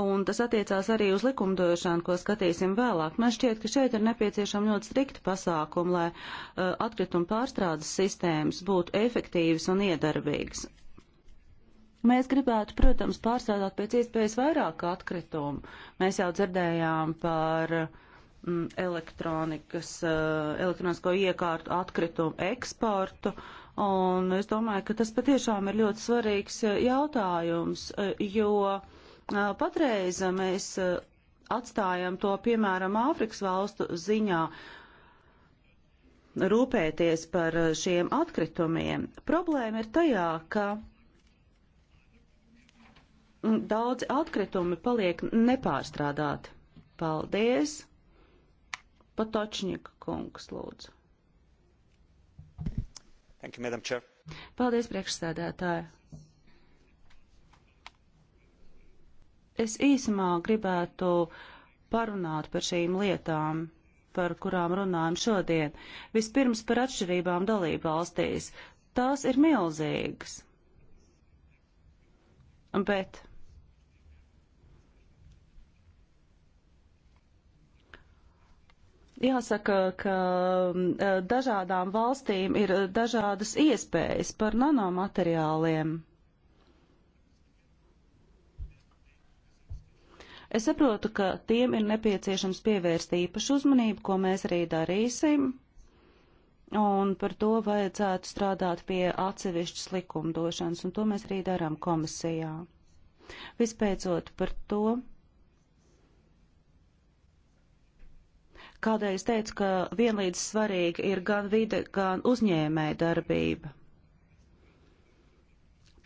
un tas attiecās arī uz likumdošanu, ko skatīsim vēlāk. Man šķiet, ka šeit ir nepieciešama ļoti strikta pasākuma, lai uh, atkrituma pārstrādes sistēmas būtu efektīvas un iedarbīgas. Mēs gribētu, protams, pārstrādāt pēc iespējas vairāk atkritumu. Mēs jau dzirdējām par mm, elektronikas, uh, elektronisko iekārtu atkritumu eksportu, un es domāju, ka tas patiešām ir ļoti svarīgs uh, jautājums, uh, jo Patreiz mēs atstājam to, piemēram, Āfrikas valstu ziņā rūpēties par šiem atkritumiem. Problēma ir tajā, ka daudzi atkritumi paliek nepārstrādāti. Paldies! Patočņika kungs, lūdzu. Thank you, Madam Chair. Paldies, priekšsēdētāji. Es īsumā gribētu parunāt par šīm lietām, par kurām runājam šodien. Vispirms par atšķirībām dalību valstīs. Tās ir milzīgas. Bet Jāsaka, ka mm, eh, dažādām valstīm ir dažādas iespējas par nanomateriāliem. Es saprotu, ka tiem ir nepieciešams pievērst īpašu uzmanību, ko mēs arī darīsim, un par to vajadzētu strādāt pie atsevišķas likumdošanas, un to mēs arī darām komisijā. Vispēcot par to, kādēļ es teicu, ka vienlīdz svarīga ir gan vide, gan uzņēmē darbība.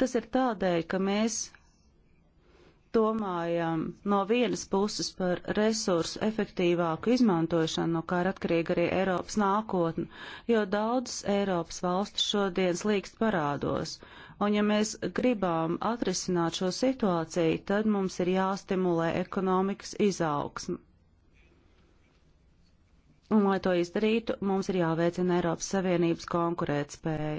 Tas ir tādēļ, ka mēs domājam no vienas puses par resursu efektīvāku izmantošanu, no kā ir atkarīga arī Eiropas nākotne, jo daudzas Eiropas valstis šodien slīkst parādos. Un ja mēs gribam atrisināt šo situāciju, tad mums ir jāstimulē ekonomikas izaugsme. Un, lai to izdarītu, mums ir jāveicina Eiropas Savienības konkurētspēja.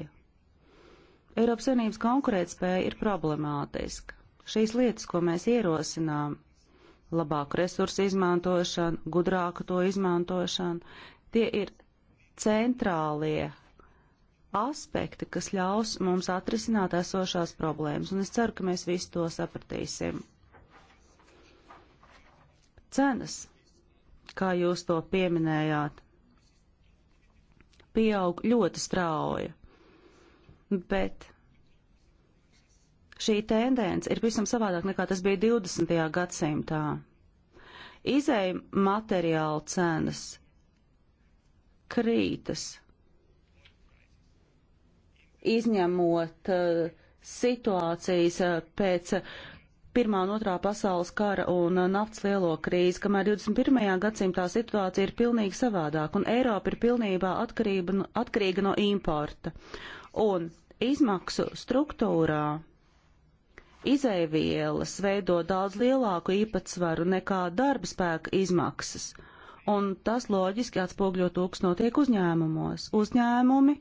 Eiropas Savienības konkurētspēja ir problemātiska. Šīs lietas, ko mēs ierosinām, labāku resursu izmantošanu, gudrāku to izmantošanu, tie ir centrālie aspekti, kas ļaus mums atrisināt esošās problēmas, un es ceru, ka mēs visu to sapratīsim. Cenas, kā jūs to pieminējāt, pieaug ļoti strauji, bet Šī tendence ir pavisam savādāk nekā tas bija 20. gadsimtā. Izēja materiāla cenas krītas, izņemot uh, situācijas uh, pēc uh, Pirmā un otrā pasaules kara un eh, naftas lielo krīzi, kamēr 21. gadsimtā situācija ir pilnīgi savādāk, un Eiropa ir pilnībā atkarība, atkarīga no importa. Un izmaksu struktūrā Izaivielas veido daudz lielāku īpatsvaru nekā darba spēka izmaksas, un tas loģiski atspogļo to, kas notiek uzņēmumos. Uzņēmumi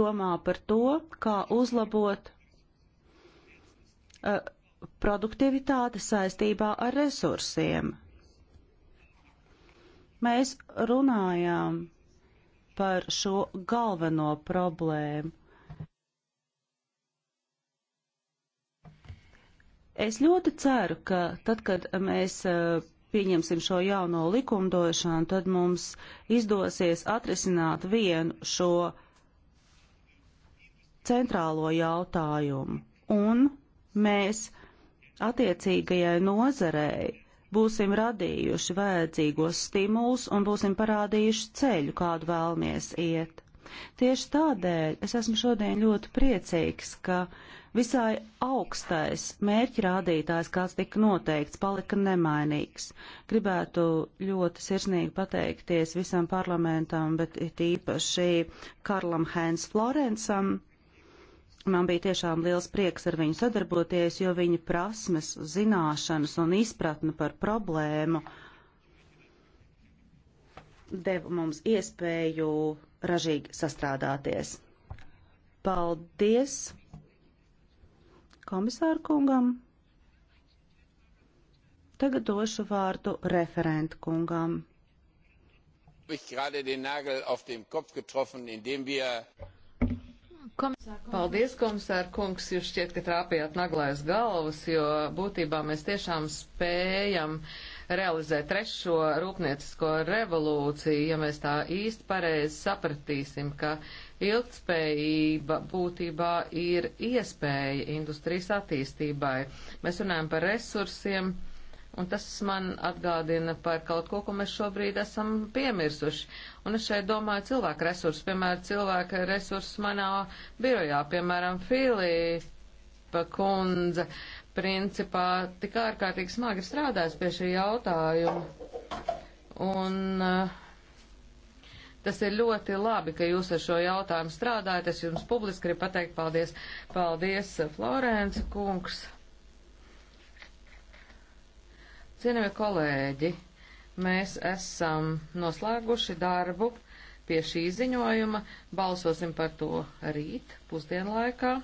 domā par to, kā uzlabot uh, produktivitāti saistībā ar resursiem. Mēs runājām par šo galveno problēmu. Es ļoti ceru, ka tad, kad mēs e, pieņemsim šo jauno likumdošanu, tad mums izdosies atrisināt vienu šo centrālo jautājumu. Un mēs attiecīgajai nozarei būsim radījuši vajadzīgos stimulus un būsim parādījuši ceļu, kādu vēlamies iet. Tieši tādēļ es esmu šodien ļoti priecīgs, ka visai augstais mērķi rādītājs, kāds tika noteikts, palika nemainīgs. Gribētu ļoti sirsnīgi pateikties visam parlamentam, bet it īpaši Karlam Hēns Florensam Man bija tiešām liels prieks ar viņu sadarboties, jo viņa prasmes, zināšanas un izpratne par problēmu deva mums iespēju ražīgi sastrādāties. Paldies komisāru kungam. Tagad došu vārdu referentu kungam. Ich gerade den Nagel auf den Kopf getroffen, indem wir Komisār, komisār. Paldies, komisār kungs, jūs šķiet, ka trāpījāt naglais galvas, jo būtībā mēs tiešām spējam realizēt trešo rūpniecisko revolūciju, ja mēs tā īsti pareizi sapratīsim, ka ilgtspējība būtībā ir iespēja industrijas attīstībai. Mēs runājam par resursiem Un tas man atgādina par kaut ko, ko mēs šobrīd esam piemirsuši. Un es šeit domāju cilvēku resursus, piemēram, cilvēku resursus manā birojā, piemēram, Filipa kundze, principā tik ārkārtīgi smagi strādājas pie šī jautājuma. Un uh, Tas ir ļoti labi, ka jūs ar šo jautājumu strādājat. Es jums publiski gribu pateikt paldies. Paldies, Florence kungs. Cienījamie kolēģi, mēs esam noslēguši darbu pie šī ziņojuma. Balsosim par to rīt pusdienlaikā.